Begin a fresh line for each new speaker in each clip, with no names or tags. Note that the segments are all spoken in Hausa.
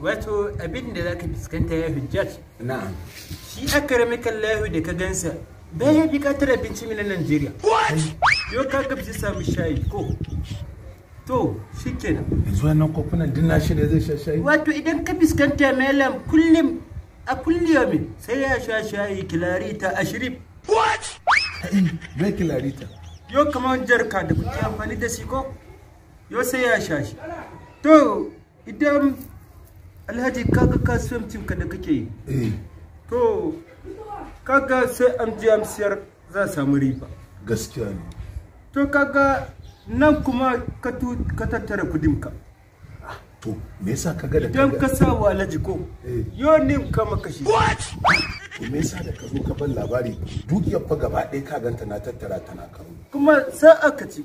wato abin da zaka fuskanta ya hujjaj na'am shi kan lahu da ka gansa bai baya bukatar abinci mina Najeriya yau ka ga bisa samu shayi ko to shi kenan. yanzu wannan kofunan dinna shi ne zai sha shayi wato idan ka fuskanta malam kullum a kulliyomin sai ya sha shayi kilarita ashirin what bai eh, kilarita yo kamar jarka da kuke amfani da shi ko yau sai ya sha shi to idan alhaji kaga kasuwancin ka da kake yi eh. to kaga sai an ji amsiyar za a samu riba gaskiya ne to kaga nan kuma ka tattara kudin ka to me yasa kaga da idan ka sa wa alhaji ko eh. yau ne ka maka shi to me yasa da ka zo ka ban labari dukiyar fa gaba ɗaya ka ganta na tattara tana karo kuma sai aka ce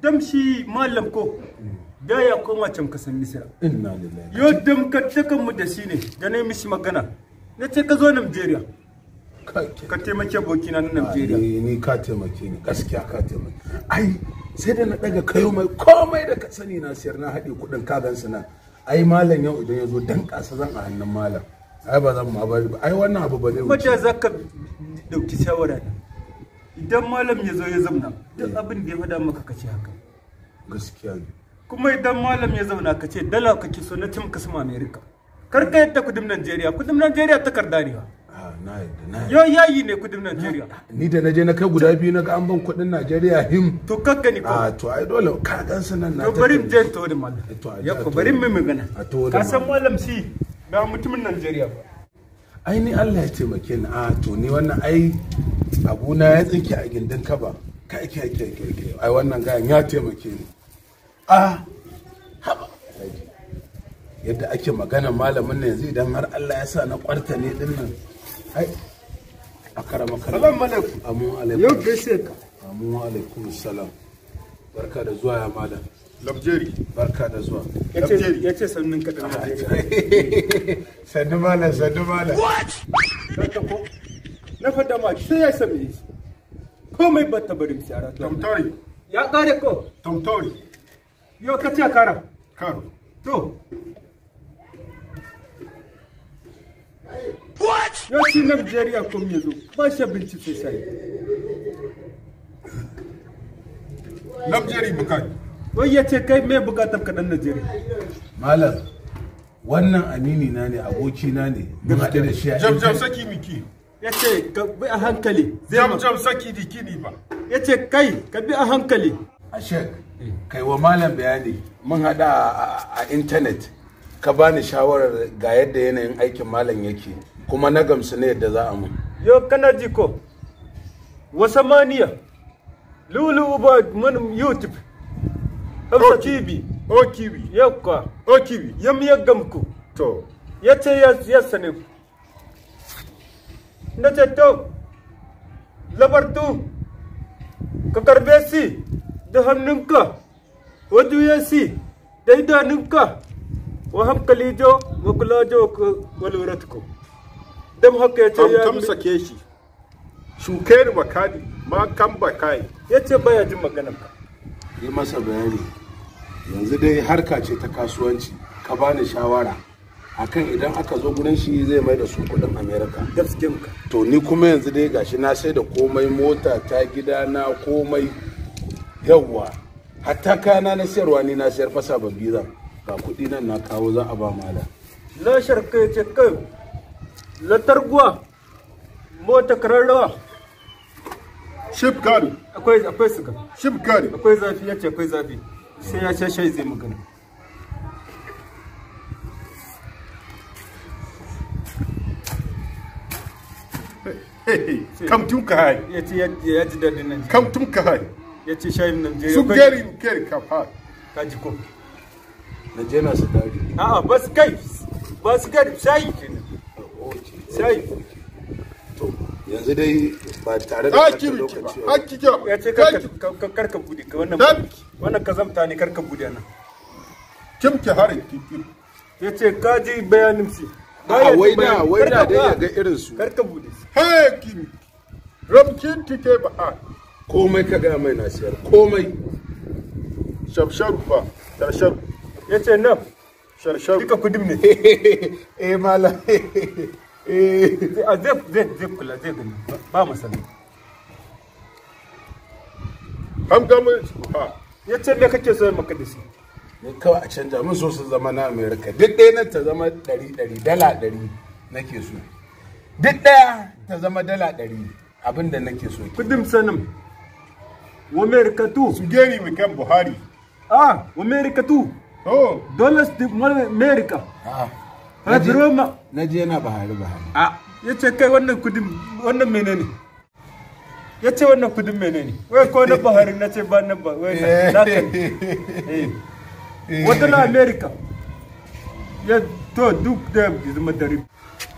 damshi malam ko mm. da ya koma can kasan misira yadda muka takan mu da shi ne da na yi mishi magana na ce ka zo nigeria ka taimake bokina na nigeria ni ka taimake ni gaskiya ka taimake ai sai da na daga kayo mai komai da ka sani na siyar na haɗe kuɗin kagan su nan ai malam yau idan ya zo dan kasa zan a hannun malam ai ba zan ma ba ai wannan abu ba zai wuce ba za ka dauki shawara idan malam ya zo ya zamna duk eh. abin da ya faɗa maka kace haka gaskiya ne kuma idan malam ya zauna ka ce dala kake so na cin kasma america kar ka yadda kudin najeriya kudin najeriya takarda ne ah, yo yayi ne kudin najeriya ni da naje na kai guda biyu na ga an ban kudin najeriya him to kakka gani ko a ah, to ai dole ka dan sanan na to bari je to da malam eh, ya ko bari mu magana ka san malam si. ba mutumin najeriya ba ai ni Allah ya taimake ni a ah, to ni wannan ai abuna ya tsinke a gindin kaba kai kai kai kai ai wannan gayan ya taimake ni a ah. haba yadda ake magana malamin na yanzu idan har Allah ya sa na kwarta ne din nan ai a karama salam alaikum amu alaikum yau gaishe ka amu alaikum salam barka da zuwa ya malam Lamjeri. Barka da zuwa. Lamjeri. Ya ce sannin ka dan Sannu malam, sannu malam. What? ko na fada ma sai ya same shi. Komai ba ta bari mu tsara. Tamtori. Ya kare ko? Tamtori. Yo kati ya karo. Karo. To. What? Yo ya Nigeria kom yazo. Ba shi bincike sai. jeri bukani. Wai ya ce kai me bukatar ka dan Najeri. Malam. Wannan amini na ne aboki na ne. Mun haɗu da shi a Jam jam saki miki. Ya ce ka bi a hankali. Jam jam saki diki ne ba. Ya ce kai ka bi a hankali. Ashek. kai wa malam bayani mun hada a intanet ka bani shawarar ga yadda yanayin aikin malam yake kuma na gamsu ne yadda za a mun yo kana ji ko wasamaniya lulu uba man youtube hamsa oh, tv o oh, kiwi yakwa o oh, kiwi yam miya gamku to yace ya sane na ce to labartu ka karbe si da hannunka wadu ya si da idanunka wa hankali jo wa kula jo wa luratku dam haka ya ce ya kam sake shi shuke ni makani ma kan bakai ya ce baya jin magana ka yi masa bayani yanzu dai harka ce ta kasuwanci ka bani shawara akan idan aka zo gurin shi zai mai da su kudin america to ni kuma yanzu dai gashi na sai da komai mota ta gida na komai yawwa hatta kana na sayarwa ni na sayar fasa babbi zan ga kuɗi nan na kawo za a ba mala la sharka ce kai la targuwa mota kararrawa ship gari akwai akwai suka ship gari akwai zafi yace akwai zafi sai ya ce shai zai magana kam tun ka hai ya ji daɗin nan kam tun ka hai ya ce shayin najeriya su gerin ker kafa ka ji ko najeriya su dari a'a ba su kai ba su kai shayi shayi to yanzu dai ba tare da haki lokaci ba haki ki ya ce karka karka bude ka wannan wannan kazamta ne karka bude nan kim ki harin ki ya ce ka ji bayanin shi a waina waina dai ya ga irin su karka bude hey kim ramkin tike ba komai ka gaya mai na siyar komai shabsharu fa sharsharu ya ce nan sharsharu duka kudin ne eh mala eh a ah, zai zai zai kula zai gani ba masana an gama ha ya ce ne kake so maka da shi ne kawai a canja mun so su zama na america duk ɗaya nan ta zama ɗari ɗari dala ɗari nake so duk ɗaya ta zama dala ɗari abinda nake so kudin sanin wamerikatu sugeri wikan buhari ah wamerikatu oh dollars di amerika ah roma naji yana buhari buhari ah yace kai wannan kudin wannan ya yace wannan kudin menene wai ko na buhari nace ba na ba wai na eh. eh. Eh. wata na amerika ya to duk da zama dari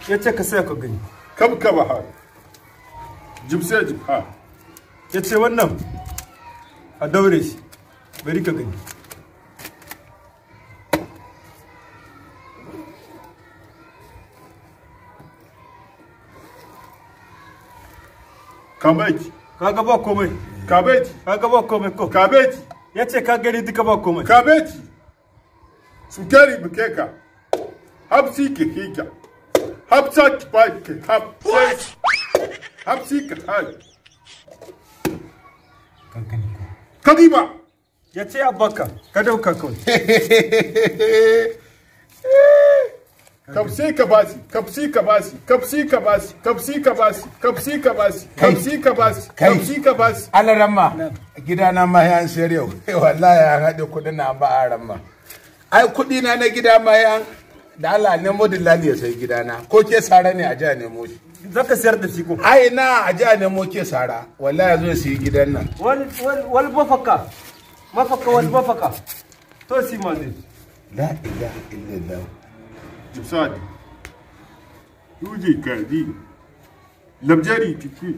ce ka sai ka gani kam ka buhari jibsa jibha ce wannan adawreysa beri ka gadi Cabete, acabou ba komai kabeji kaga ba komai ko kabeji yace ka gani duka ba komai cabete. sukari bukeka hapsi kikika hapsa kipaki hapsi hapsi kihai kankani kadima ya ce abaka ka dauka kawai kapsi ka basi kafsi ka basi kapsi ka basi kafsi ka basi kapsi ka basi kafsi ka basi kafsi ka basi alarama gidana ma ya an sayar yau wallahi an haɗe kuɗin na ba a ramma ai kudi na na gida ma ya da Allah nemo dillali ya sai gidana ko ke sare ne a ja nemo shi zaka sayar da shi ko ai na a ji a nemo ke sara wallahi yazo su yi gidan nan wal wal mafaka mafaka wal mafaka to si ma zai la ilaha illallah jibsad yuje kadi labjari tiki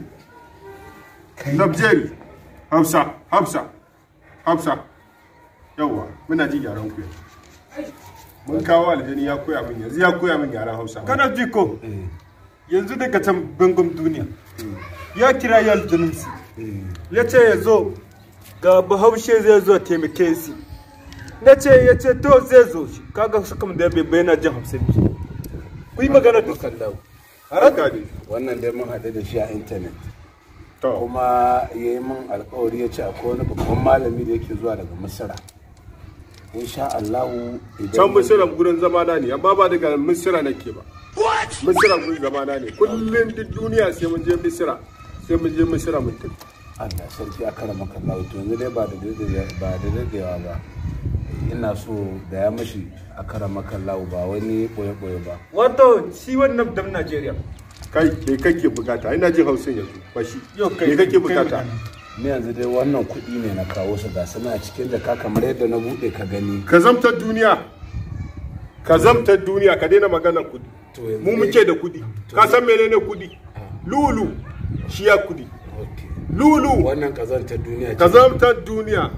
labjari hafsa hafsa hafsa yawwa muna ji gyaran ku mun kawo aljani ya koya min yanzu ya koya min gyaran hausa kana ji ko eh yanzu daga can bangon duniya ya kira ya aljaninsu ya ce ya zo ga bahaushe zai zo taimake su na ce ya ce to zai zo shi kaga su kama da ya bai yana jin hamsin biyu ku yi magana da kallau haraka ne wannan dai mun haɗu da shi a intanet kuma ya yi mun alkawari ya ce akwai wani babban malami da yake zuwa daga misira insha Allah idan can misira gurin zama na ne amma ba daga misira nake ba misira kun gaba na ne kullum duk duniya sai mun je misira sai mun je misira mun tafi Allah sarki a kara maka Allah to yanzu dai ba da ba da dadewa ba ina so da ya mashi a kara maka Allah ba wani boye boye ba wato shi wannan dam Najeriya kai me kake bukata ina ji hausin yanzu ba shi me kake bukata ni yanzu dai wannan kuɗi ne na kawo su ga suna cikin da ka kamar yadda na buɗe ka gani ka zamtar duniya ka zamtar duniya ka daina maganar kuɗi mu muke da kudi ka san menene kudi lulu shi ya kudi lulu wannan kazantar duniya kazantar duniya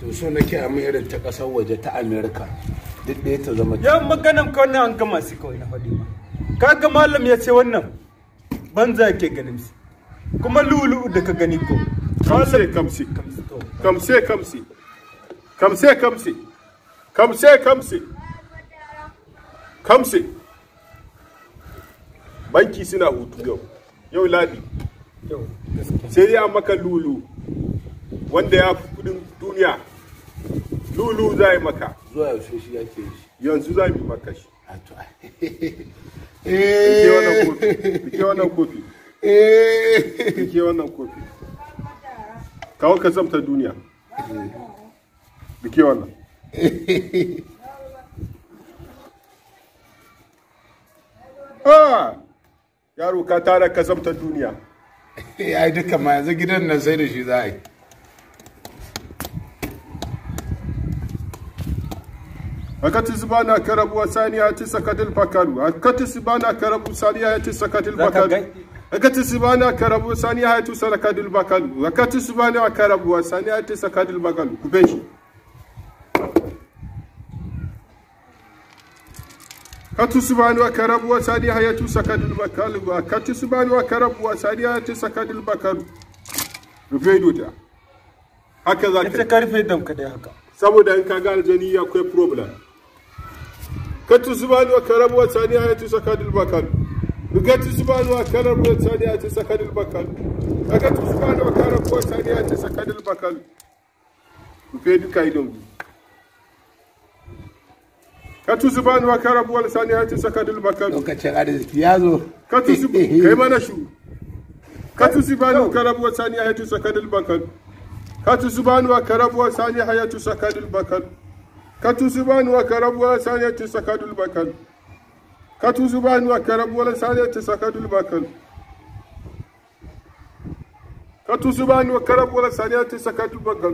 to so nake a mu ta kasar waje ta america duk da ta zama yan maganan ka wannan an gama su kawai na faɗi ma kaga malam ya ce wannan banza ke ganin su kuma lulu da ka gani ko kamse kamse kamse kamse kamse kamse kamse kamse kamse banki suna hutu yau yau ladi sai ya maka lulu wanda ya fi kudin duniya lulu za yi maka zuwa yaushe shi yake shi yanzu za yi maka shi ke wannan kofi. ke eh. wannan kofi. Kawo ka zamta duniya. ke wannan. Ah! yaro ka tara ka zamta duniya ya yi duka ma yanzu gidan nan sai da shi za a yi hakati zubana karabu saniya ta sakatil fakaru akati zubana karabu saniya ta sakatil fakaru akati zubana karabu saniya ta sakatil fakaru akati zubana karabu saniya ta sakatil fakaru kubeshi katu subhanu wa karabu wa sadi hayatu sakadil bakalu wa katu subhanu wa karabu wa sadi hayatu sakadil bakalu rufe ta. haka zaka. ka ka rufe dam ka haka saboda in ka ga aljani ya kai problem katu subhanu wa karabu wa sadi hayatu sakadil bakalu rugatu subhanu wa karabu wa sadi hayatu sakadil bakalu rugatu subhanu wa karabu wa sadi hayatu sakadil bakalu rufe duka katu tusu wa karabu wal sani hati sakadul bakar lokacin arziki ya zo ka tusu kai mana shu ka tusu bani wa karabu wal sani hati sakadul bakar katu tusu wa karabu wal sani hati sakadul bakar katu tusu wa karabu wal sani hati sakadul bakar katu tusu wa karabu rabu wal sani hati sakadul bakar katu tusu bani wa karabu wal sani hati sakadul bakar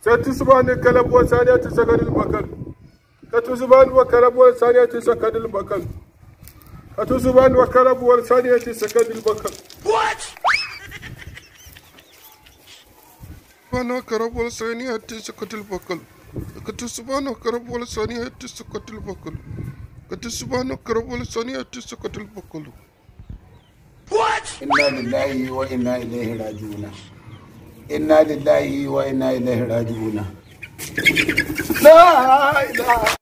sai tusu wa karabu wal hati sakadul bakar كتوزبان وكرب والثانية سكن البكر كتوزبان وكرب والثانية سكن البكر What? سبحان وكرب والثانية سكن البكر كتوزبان وكرب والثانية سكن البكر كتوزبان وكرب والثانية سكن البكر إنا لله وإنا إليه راجعون إنا لله وإنا إليه راجعون لا إله